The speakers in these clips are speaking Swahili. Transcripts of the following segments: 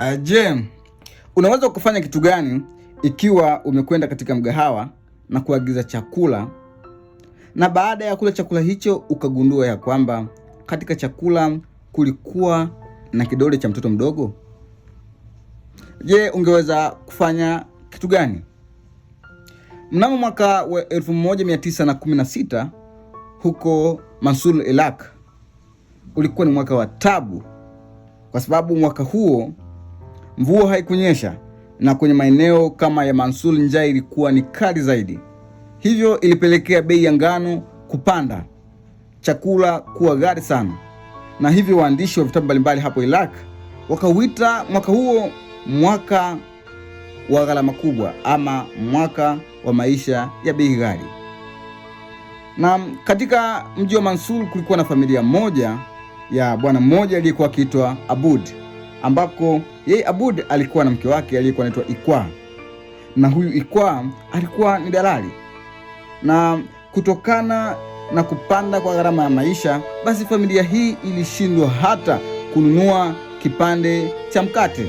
Uh, je, unaweza kufanya kitu gani ikiwa umekwenda katika mgahawa na kuagiza chakula na baada ya kula chakula hicho ukagundua ya kwamba katika chakula kulikuwa na kidole cha mtoto mdogo? Je, ungeweza kufanya kitu gani? Mnamo mwaka wa 1916 huko Mansul Iraq, ulikuwa ni mwaka wa tabu, kwa sababu mwaka huo Mvua haikunyesha na kwenye maeneo kama ya Mansul njaa ilikuwa ni kali zaidi, hivyo ilipelekea bei ya ngano kupanda, chakula kuwa gari sana, na hivyo waandishi wa vitabu mbalimbali hapo Iraq wakauita mwaka huo mwaka wa gharama kubwa ama mwaka wa maisha ya bei ghali. Na katika mji wa Mansul kulikuwa na familia moja ya bwana mmoja aliyekuwa akiitwa Abud ambapo yeye abud alikuwa na mke wake aliyekuwa anaitwa Ikwa, na huyu Ikwa alikuwa ni dalali, na kutokana na kupanda kwa gharama ya maisha, basi familia hii ilishindwa hata kununua kipande cha mkate.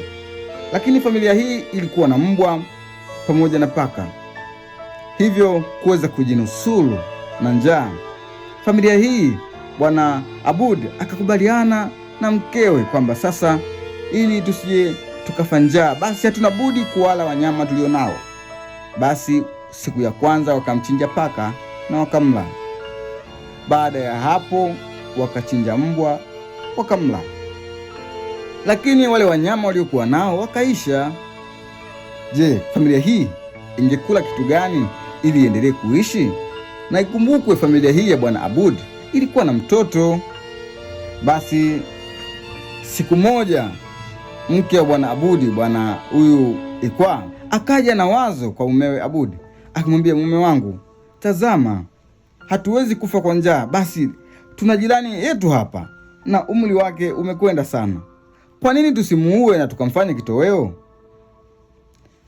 Lakini familia hii ilikuwa na mbwa pamoja na paka, hivyo kuweza kujinusuru na njaa. Familia hii Bwana abud akakubaliana na mkewe kwamba sasa ili tusije tukafa njaa, basi hatuna budi kuwala wanyama tulionao. Basi siku ya kwanza wakamchinja paka na wakamla. Baada ya hapo wakachinja mbwa wakamla, lakini wale wanyama waliokuwa nao wakaisha. Je, familia hii ingekula kitu gani ili iendelee kuishi? Na ikumbukwe familia hii ya Bwana Abud ilikuwa na mtoto. Basi siku moja mke wa bwana Abudi, bwana huyu Ikwa akaja na wazo kwa mumewe Abudi, akimwambia mume wangu, tazama, hatuwezi kufa kwa njaa, basi tuna jirani yetu hapa na umri wake umekwenda sana. Kwa nini tusimuue na tukamfanya kitoweo?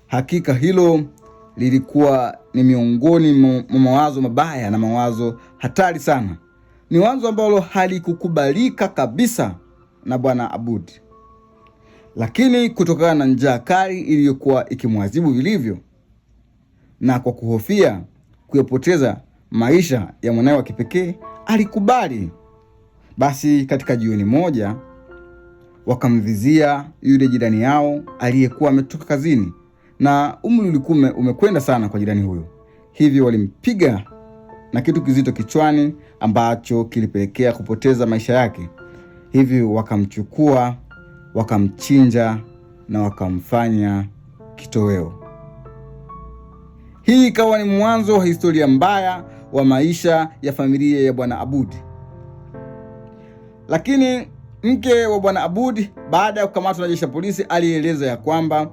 Hakika hilo lilikuwa ni miongoni mwa mawazo mabaya na mawazo hatari sana. Ni wazo ambalo halikukubalika kabisa na bwana Abudi lakini kutokana na njaa kali iliyokuwa ikimwadhibu vilivyo na kwa kuhofia kuyapoteza maisha ya mwanawe wa kipekee alikubali. Basi katika jioni moja wakamvizia yule jirani yao aliyekuwa ametoka kazini, na umri ulikuwa umekwenda sana kwa jirani huyo, hivyo walimpiga na kitu kizito kichwani ambacho kilipelekea kupoteza maisha yake, hivyo wakamchukua wakamchinja na wakamfanya kitoweo. Hii ikawa ni mwanzo wa historia mbaya wa maisha ya familia ya Bwana Abudi. Lakini mke wa Bwana Abudi, baada ya kukamatwa na jeshi la polisi, alieleza ya kwamba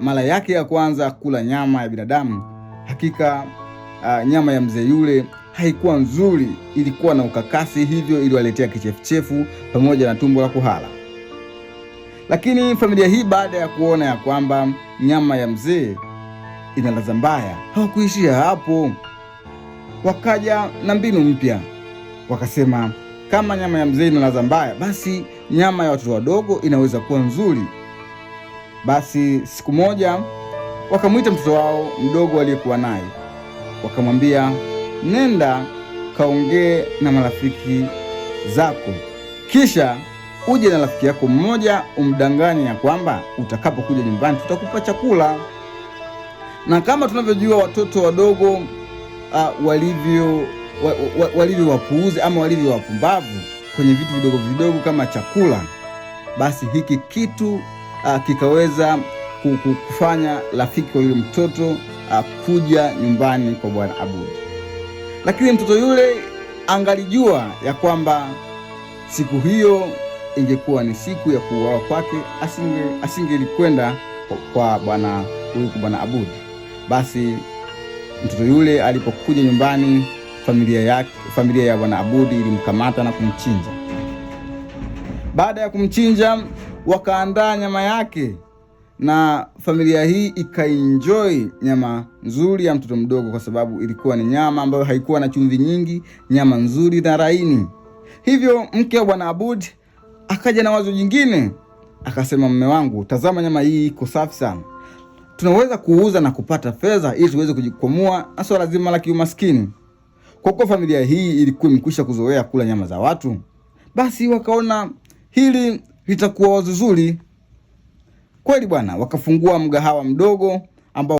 mara yake ya kwanza kula nyama ya binadamu, hakika uh, nyama ya mzee yule haikuwa nzuri, ilikuwa na ukakasi, hivyo iliwaletea kichefuchefu pamoja na tumbo la kuhara. Lakini familia hii baada ya kuona ya kwamba nyama ya mzee ina ladha mbaya, hawakuishia hapo, wakaja na mbinu mpya. Wakasema kama nyama ya mzee ina ladha mbaya, basi nyama ya watoto wadogo inaweza kuwa nzuri. Basi siku moja wakamwita mtoto wao mdogo aliyekuwa naye, wakamwambia nenda kaongee na marafiki zako kisha uje na rafiki yako mmoja umdanganye ya kwamba utakapokuja nyumbani tutakupa chakula, na kama tunavyojua watoto wadogo uh, walivyo wa, wa, walivyo wapuuzi ama walivyo wapumbavu kwenye vitu vidogo vidogo kama chakula, basi hiki kitu uh, kikaweza kufanya rafiki wa yule mtoto uh, kuja nyumbani kwa Bwana Abudi. Lakini mtoto yule angalijua ya kwamba siku hiyo ingekuwa ni siku ya kuuawa kwake, asingelikwenda kwa bwana huyu, bwana Abud. Basi mtoto yule alipokuja nyumbani, familia yake, familia ya bwana Abudi ilimkamata na kumchinja. Baada ya kumchinja, wakaandaa nyama yake, na familia hii ikaenjoy nyama nzuri ya mtoto mdogo, kwa sababu ilikuwa ni nyama ambayo haikuwa na chumvi nyingi, nyama nzuri na laini. Hivyo mke wa bwana Abudi Akaja na wazo jingine, akasema, mme wangu, tazama nyama hii iko safi sana, tunaweza kuuza na kupata fedha ili tuweze kujikwamua na swala zima la kiumaskini. Kwa kuwa familia hii ilikuwa imekwisha kuzoea kula nyama za watu, basi wakaona hili litakuwa wazo zuri kweli bwana, wakafungua mgahawa mdogo ambao